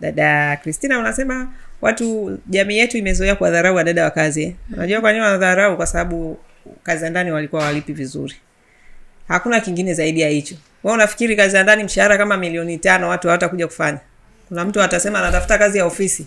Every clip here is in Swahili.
dada Kristina unasema watu, jamii yetu imezoea kuwadharau wadada wa kazi. Eh? Unajua kwa nini wanadharau? Kwa sababu kazi ya ndani walikuwa walipi vizuri, hakuna kingine zaidi ya hicho. We unafikiri kazi ya ndani mshahara kama milioni tano watu hawatakuja kufanya? Kuna mtu atasema anatafuta kazi ya ofisi.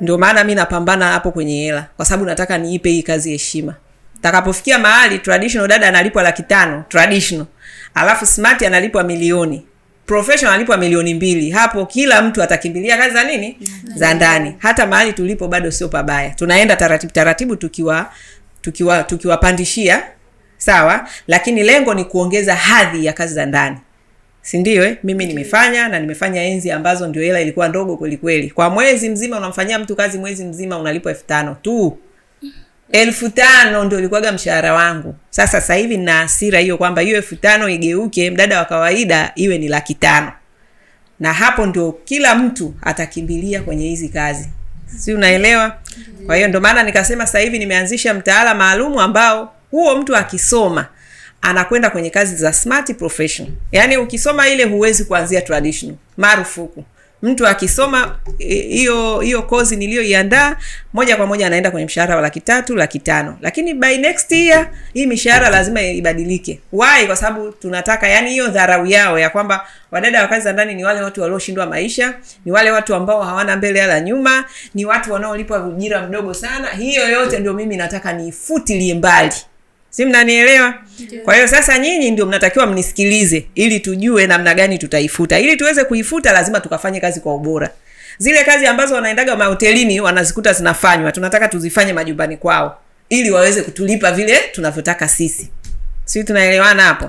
Ndio maana mi napambana hapo kwenye hela, kwa sababu nataka niipe hii kazi heshima takapofikia mahali traditional dada analipwa lakitano tano traditional, alafu smart analipwa milioni professional alipwa milioni mbili, hapo kila mtu atakimbilia kazi za nini za ndani. Hata mahali tulipo bado sio pabaya, tunaenda taratibu taratibu, tukiwa tukiwa tukiwapandishia sawa, lakini lengo ni kuongeza hadhi ya kazi za ndani si ndio? Eh, mimi nimefanya na nimefanya enzi ambazo ndio hela ilikuwa ndogo kweli kweli. Kwa mwezi mzima unamfanyia mtu kazi mwezi mzima unalipwa elfu tano tu elfu tano ndo ilikuwaga mshahara wangu. Sasa sahivi na asira hiyo kwamba hiyo elfu tano igeuke mdada wa kawaida iwe ni laki tano, na hapo ndio kila mtu atakimbilia kwenye hizi kazi, si unaelewa? Kwa hiyo ndo maana nikasema sahivi nimeanzisha mtaala maalumu ambao huo mtu akisoma anakwenda kwenye kazi za smart profession. Yaani ukisoma ile huwezi kuanzia traditional, marufuku mtu akisoma eh, hiyo hiyo kozi niliyoiandaa moja kwa moja anaenda kwenye mshahara wa laki tatu laki tano lakini by next year hii mishahara lazima ibadilike why kwa sababu tunataka yani hiyo dharau yao ya kwamba wadada wa kazi za ndani ni wale watu walioshindwa maisha ni wale watu ambao hawana mbele ala nyuma ni watu wanaolipwa ujira mdogo sana hiyo yote ndio mimi nataka niifutilie mbali si mnanielewa? Kwa hiyo sasa nyinyi ndio mnatakiwa mnisikilize, ili tujue namna gani tutaifuta. Ili tuweze kuifuta, lazima tukafanye kazi kwa ubora. Zile kazi ambazo wanaendaga mahotelini wanazikuta zinafanywa, tunataka tuzifanye majumbani kwao, ili waweze kutulipa vile tunavyotaka sisi. Si tunaelewana hapo?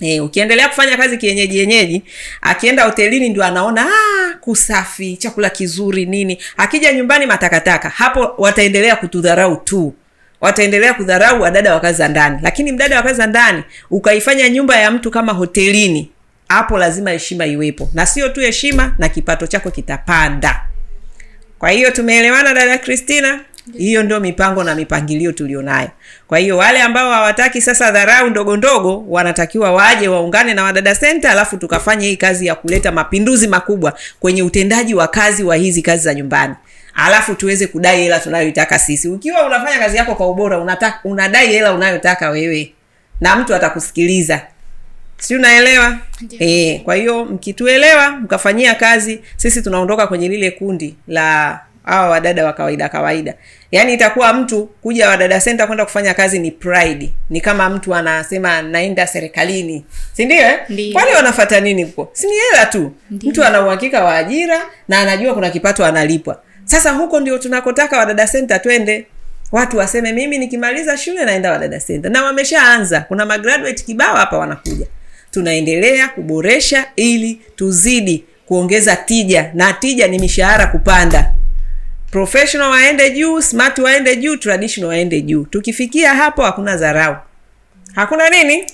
E, ukiendelea kufanya kazi kienyeji yenyeji, akienda hotelini ndio anaona ah, kusafi, chakula kizuri, nini. Akija nyumbani matakataka, hapo wataendelea kutudharau tu wataendelea kudharau wadada wa kazi za ndani, lakini mdada wa kazi za ndani ukaifanya nyumba ya mtu kama hotelini, hapo lazima heshima iwepo, na sio tu heshima, na kipato chako kitapanda. Kwa hiyo tumeelewana, dada kristina Hiyo ndio mipango na mipangilio tulionayo. Kwa hiyo wale ambao hawataki sasa dharau ndogo ndogo, wanatakiwa waje waungane na Wadada senta alafu tukafanye hii kazi ya kuleta mapinduzi makubwa kwenye utendaji wa kazi wa hizi kazi za nyumbani alafu tuweze kudai hela tunayoitaka sisi. Ukiwa unafanya kazi yako kwa ubora, unataka unadai hela unayotaka wewe, na mtu atakusikiliza, si unaelewa? yeah. E, kwa hiyo mkituelewa, mkafanyia kazi, sisi tunaondoka kwenye lile kundi la hawa wadada wa kawaida kawaida. Yaani itakuwa mtu kuja Wadada Center kwenda kufanya kazi ni pride, ni kama mtu anasema naenda serikalini, sindio Eh, kwani wanafata nini huko? sini hela tu. Ndiye. Mtu ana uhakika wa ajira na anajua kuna kipato analipwa. Sasa huko ndio tunakotaka Wadada Center twende, watu waseme mimi nikimaliza shule naenda Wadada Center, na wameshaanza. Kuna magraduate kibao hapa wanakuja. Tunaendelea kuboresha ili tuzidi kuongeza tija, na tija ni mishahara kupanda, professional waende juu, smart waende juu, traditional waende juu. Tukifikia hapo, hakuna dharau, hakuna nini,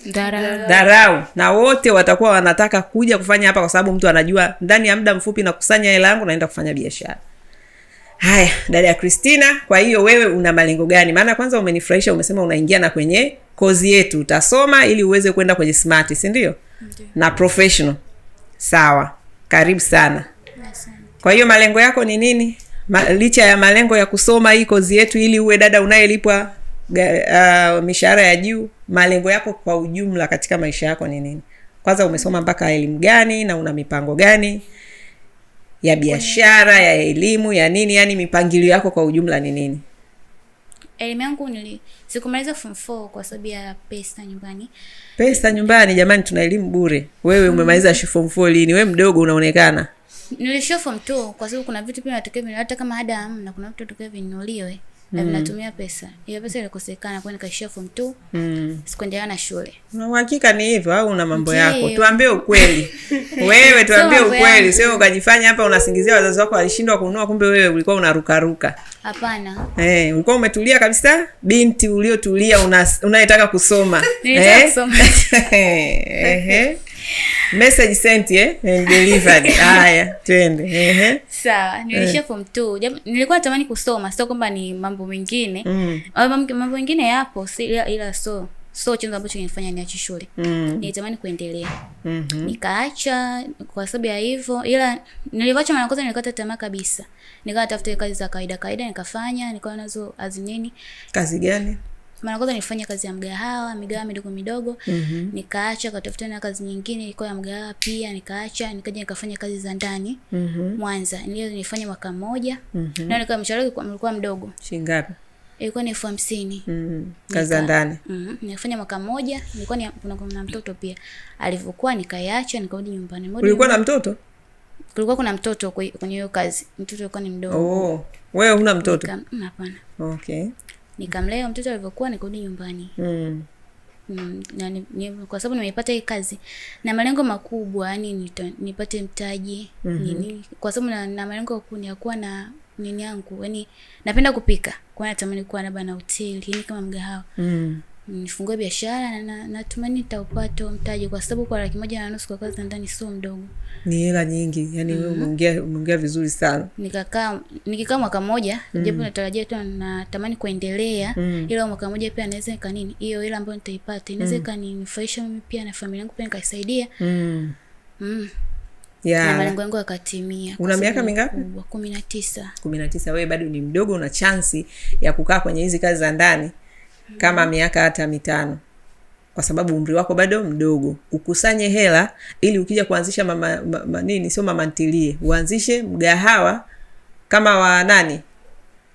dharau, na wote watakuwa wanataka kuja kufanya hapa, kwa sababu mtu anajua ndani ya muda mfupi nakusanya hela yangu, naenda kufanya biashara. Haya, dada ya Christina, kwa hiyo wewe una malengo gani? Maana kwanza umenifurahisha, umesema unaingia na kwenye kozi yetu, utasoma ili uweze kwenda kwenye smart, si ndio? na professional. Sawa, karibu sana. Kwa hiyo malengo yako ni nini? Ma, licha ya malengo ya kusoma hii kozi yetu ili uwe dada unayelipwa uh, mishahara ya juu, malengo yako kwa ujumla katika maisha yako ni nini? Kwanza umesoma mpaka elimu gani na una mipango gani? ya biashara, ya elimu, ya nini, yani mipangilio yako kwa ujumla ni nini? Elimu yangu nili sikumaliza form 4 kwa sababu ya pesa nyumbani. Pesa nyumbani, jamani, tuna elimu bure. Wewe umemaliza form 4 lini? Wewe mdogo unaonekana. Nilishia form kwa sababu kuna vitu pia natokea hata kama hada hamna, kuna vitu natokea vinuliwe na vinatumia mm. pesa. Hiyo pesa ilikosekana kwa nikaishia form 2. Mm. Sikuendelea na shule. Una uhakika ni hivyo au una mambo yako? Tuambie ukweli. Wewe tuambie so, ukweli. Sio ukajifanya hapa unasingizia wazazi wako walishindwa kununua kumbe wewe ulikuwa unarukaruka. Hapana. Eh, hey, ulikuwa umetulia kabisa? Binti uliotulia unayetaka una kusoma. Eh. Hey? message sent eh and delivered. Haya, twende. Ehe, sawa. Eh. Nilishia form 2 nilikuwa natamani kusoma, sio kwamba ni mambo mengine mm. Ah, mambo mengine yapo si, ila, ila so so chanzo ambacho kinifanya niache shule mm. nilitamani kuendelea mm -hmm. nikaacha kwa sababu ya hivyo, ila nilivacha mara kwanza nilikata tamaa kabisa, nikawa tafuta kazi za kawaida kawaida nikafanya, nikawa nazo azinini. Kazi gani? maana kwanza nilifanya kazi ya mgahawa, migahawa midogo midogo mm -hmm. Nikaacha katafuta na kazi nyingine ilikuwa ya mgahawa pia, nikaacha nikaja nikafanya kazi za ndani mm -hmm. Mwanza nilio nilifanya mwaka mmoja mm -hmm. Na nikawa mshahara ulikuwa mdogo shingapi? Ilikuwa ni elfu hamsini mm Kazi za ndani mm Nilifanya mwaka mmoja, nilikuwa ni, kuna mtoto pia alivyokuwa, nikaiacha nikarudi nyumbani. mmoja Ulikuwa na mtoto? Kulikuwa kuna mtoto kwenye hiyo kazi, mtoto alikuwa ni mdogo. Oh, wewe huna mtoto? Hapana. Okay nikamlea mtoto alivyokuwa, nikarudi nyumbani mm. Mm, na ni, ni, kwa sababu nimeipata hii kazi na malengo makubwa, yani nipate mtaji mm -hmm. nini, kwa sababu na, na malengo ya kuwa na nini yangu, yani napenda kupika kwa natamani kuwa labda na hoteli, yani kama mgahawa mm nifungue biashara na natumani nitaupata mtaji, kwa sababu kwa laki moja na nusu kwa kazi ndani sio mdogo, ni hela nyingi. Yani wewe mm. umeongea umeongea vizuri sana. Nikakaa nikikaa mwaka mmoja mm. japo natarajia tu natamani kuendelea mm. ila mwaka mmoja pia naweza ka nini hiyo hela ambayo nitaipata inaweza mm. ikaninufaisha mimi pia na familia yangu pia nikaisaidia mm. mm. Yeah. Na malengo yangu yakatimia. Una miaka mingapi? 19. 19 Wewe bado ni mdogo, una chansi ya kukaa kwenye hizi kazi za ndani kama miaka hata mitano, kwa sababu umri wako bado mdogo. Ukusanye hela ili ukija kuanzisha mama, ma, ma, nini sio mama ntilie, uanzishe mgahawa kama wa nani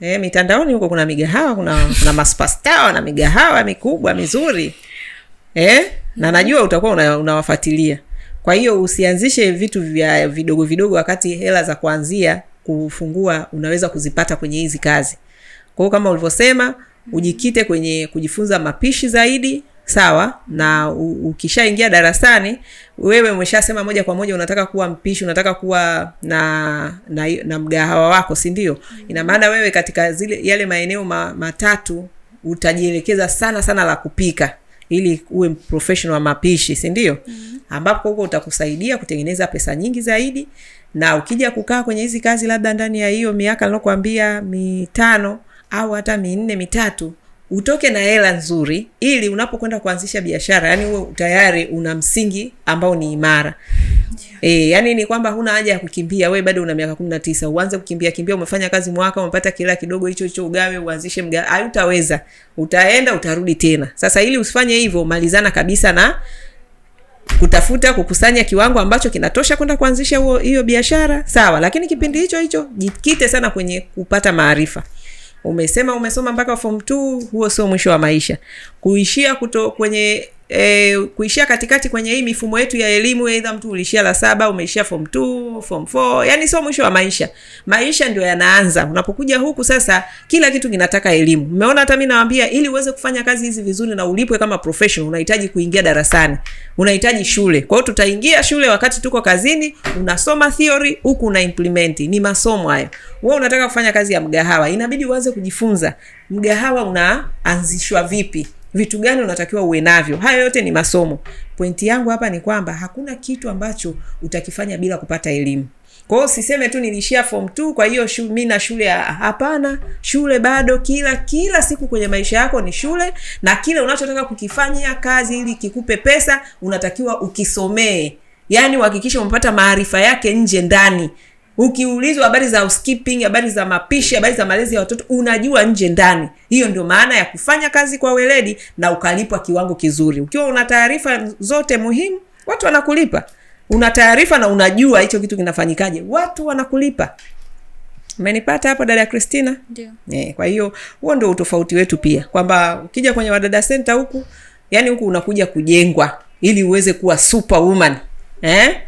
E, mitandaoni huko kuna migahawa kuna, kuna maspasta na migahawa mikubwa mizuri e, na najua utakuwa unawafuatilia una. Kwa hiyo usianzishe vitu vya vidogo vidogo, wakati hela za kuanzia kufungua unaweza kuzipata kwenye hizi kazi. Kwa kama ulivyosema ujikite kwenye kujifunza mapishi zaidi sawa na ukishaingia darasani wewe umeshasema moja kwa moja unataka kuwa mpishi unataka kuwa na na, na mgahawa wako si ndio mm. ina maana wewe katika zile yale maeneo ma, matatu utajielekeza sana sana la kupika ili uwe professional wa mapishi si ndio mm-hmm. ambapo huko utakusaidia kutengeneza pesa nyingi zaidi na ukija kukaa kwenye hizi kazi labda ndani ya hiyo miaka niliokuambia mitano au hata minne mitatu utoke na hela nzuri, ili unapokwenda kuanzisha biashara, yani uwe tayari una msingi ambao ni imara. E, yani ni kwamba huna haja ya kukimbia. We bado una miaka kumi na tisa, uanze kukimbia kimbia. Umefanya kazi mwaka, umepata kila kidogo hicho hicho, ugawe uanzishe mga, hayutaweza. Utaenda utarudi tena. Sasa ili usifanye hivyo, malizana kabisa na kutafuta kukusanya kiwango ambacho kinatosha kwenda kuanzisha hiyo biashara, sawa. Lakini kipindi hicho hicho jikite sana kwenye kupata maarifa umesema umesoma mpaka form 2, huo sio mwisho wa maisha. Kuishia kuto kwenye e, kuishia katikati kwenye hii mifumo yetu ya elimu, aidha mtu ulishia la saba, umeishia form 2, form 4, yani sio mwisho wa maisha. Maisha ndio yanaanza. Unapokuja huku sasa, kila kitu kinataka elimu. Umeona, hata mimi nawaambia, ili uweze kufanya kazi hizi vizuri na ulipwe kama professional, unahitaji kuingia darasani, unahitaji shule. Kwa hiyo tutaingia shule wakati tuko kazini, unasoma theory huku una implement. Ni masomo hayo. Wewe unataka kufanya kazi ya mgahawa, inabidi uanze kujifunza mgahawa unaanzishwa vipi vitu gani unatakiwa uwe navyo. Hayo yote ni masomo. Pointi yangu hapa ni kwamba hakuna kitu ambacho utakifanya bila kupata elimu. Kwa hiyo tu nilishia form 2, kwa hiyo mi na shule. Hapana, shule bado. Kila kila siku kwenye maisha yako ni shule, na kile unachotaka kukifanyia kazi ili kikupe pesa unatakiwa ukisomee, yaani uhakikishe umepata maarifa yake nje ndani Ukiulizwa habari za housekeeping, habari za mapishi, habari za malezi ya watoto, unajua nje ndani. Hiyo ndio maana ya kufanya kazi kwa weledi na ukalipwa kiwango kizuri. Ukiwa una taarifa zote muhimu, watu wanakulipa. Una taarifa na unajua hicho kitu kinafanyikaje, watu wanakulipa. Umenipata hapo dada kristina Ndio. Eh, kwa hiyo huo ndio utofauti wetu pia, kwamba ukija kwenye Wadada Center huku, yani huku unakuja kujengwa ili uweze kuwa superwoman. Eh?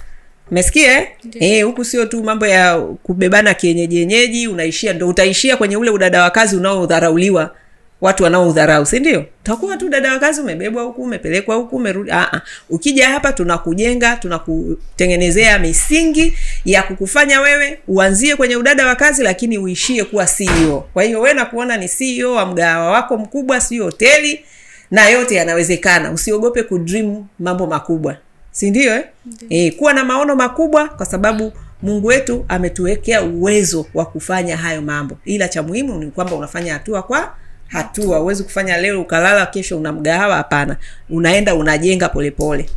Umesikia eh? eh? Huku sio tu mambo ya kubebana kienyeji yenyeji, unaishia ndo utaishia kwenye ule udada wa kazi unaodharauliwa, watu wanaodharau, si ndio? Utakuwa tu dada wa kazi, umebebwa huku, umepelekwa huku, umerudi. Ah ah, ukija hapa tunakujenga, tunakutengenezea misingi ya kukufanya wewe uanzie kwenye udada wa kazi, lakini uishie kuwa CEO. Kwa hiyo wewe nakuona ni CEO wa mgawa wako mkubwa, sio hoteli, na yote yanawezekana. Usiogope kudream mambo makubwa si ndio eh? Eh, kuwa na maono makubwa kwa sababu Mungu wetu ametuwekea uwezo wa kufanya hayo mambo, ila cha muhimu ni kwamba unafanya hatua kwa hatua. uwezi kufanya leo ukalala kesho una mgahawa, hapana. Unaenda unajenga polepole,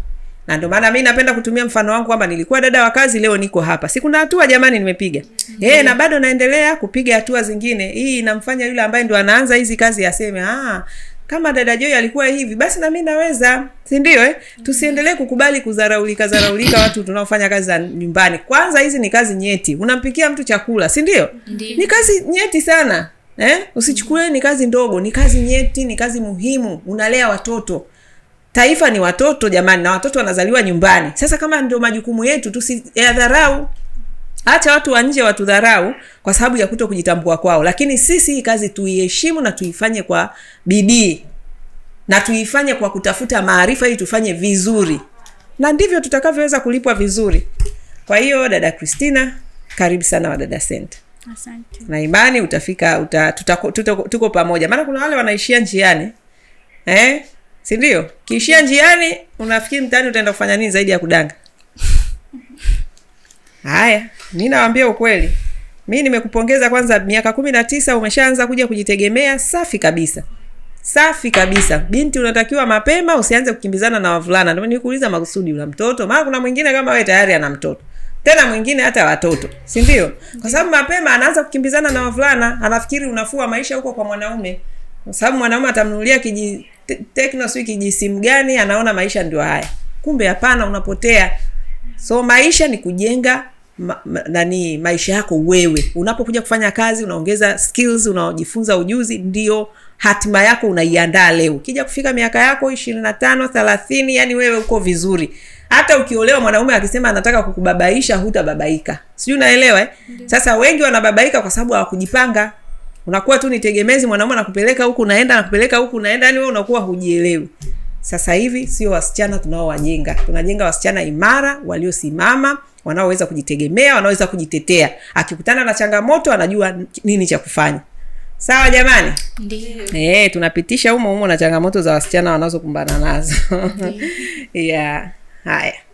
na ndio maana mi napenda kutumia mfano wangu kwamba nilikuwa dada wa kazi, leo niko hapa, si kuna hatua jamani nimepiga e, na bado naendelea kupiga hatua zingine. Hii inamfanya yule ambaye ndo anaanza hizi kazi aseme ah, kama dada Joy alikuwa hivi, basi na mimi naweza, si ndio eh? Tusiendelee kukubali kuzaraulika zaraulika watu tunaofanya kazi za nyumbani. Kwanza hizi ni kazi nyeti, unampikia mtu chakula, si ndio? Ni kazi nyeti sana eh? Usichukulie ni kazi ndogo, ni kazi nyeti, ni kazi muhimu. Unalea watoto, taifa ni watoto jamani, na watoto wanazaliwa nyumbani. Sasa kama ndio majukumu yetu, tusiyadharau hata watu wa nje watudharau kwa sababu ya kuto kujitambua kwao, lakini sisi hii kazi tuiheshimu na tuifanye kwa bidii na tuifanye kwa kutafuta maarifa ili tufanye vizuri, na ndivyo tutakavyoweza kulipwa vizuri. Kwa hiyo dada kristina karibu sana Wadada Center. Asante. Na imani utafika uta, tuta, tuta, tuko pamoja, maana kuna wale wanaishia njiani eh? si ndio? Kiishia njiani unafikiri mtaani utaenda kufanya nini zaidi ya kudanga? Haya, mi nawambia ukweli, mi nimekupongeza kwanza. Miaka kumi na tisa umeshaanza kuja kujitegemea. Safi kabisa, safi kabisa. Binti unatakiwa mapema, usianze kukimbizana na wavulana. Ndio nikuuliza makusudi, una mtoto? Maana kuna mwingine kama wewe tayari ana mtoto tena mwingine hata watoto, si ndio? Kwa sababu mapema anaanza kukimbizana na wavulana, anafikiri unafua maisha huko kwa mwanaume, kwa sababu mwanaume atamnunulia kiji tekno sio kijisimu gani, anaona maisha ndio haya. Kumbe hapana, unapotea. So maisha ni kujenga ma, ma, nani maisha yako wewe unapokuja kufanya kazi unaongeza skills unajifunza ujuzi ndio hatima yako unaiandaa leo ukija kufika miaka yako ishirini na tano thelathini yani wewe uko vizuri hata ukiolewa mwanaume akisema anataka kukubabaisha hutababaika sijui unaelewa eh? sasa wengi wanababaika kwa sababu hawakujipanga unakuwa tu nitegemezi mwanaume anakupeleka huku naenda anakupeleka huku naenda yani wewe unakuwa hujielewi sasa hivi sio wasichana tunaowajenga tunajenga wasichana imara waliosimama wanaoweza kujitegemea, wanaoweza kujitetea. Akikutana na changamoto anajua nini cha kufanya. Sawa jamani, e, tunapitisha humo humo na changamoto za wasichana wanazokumbana nazo yeah. Haya.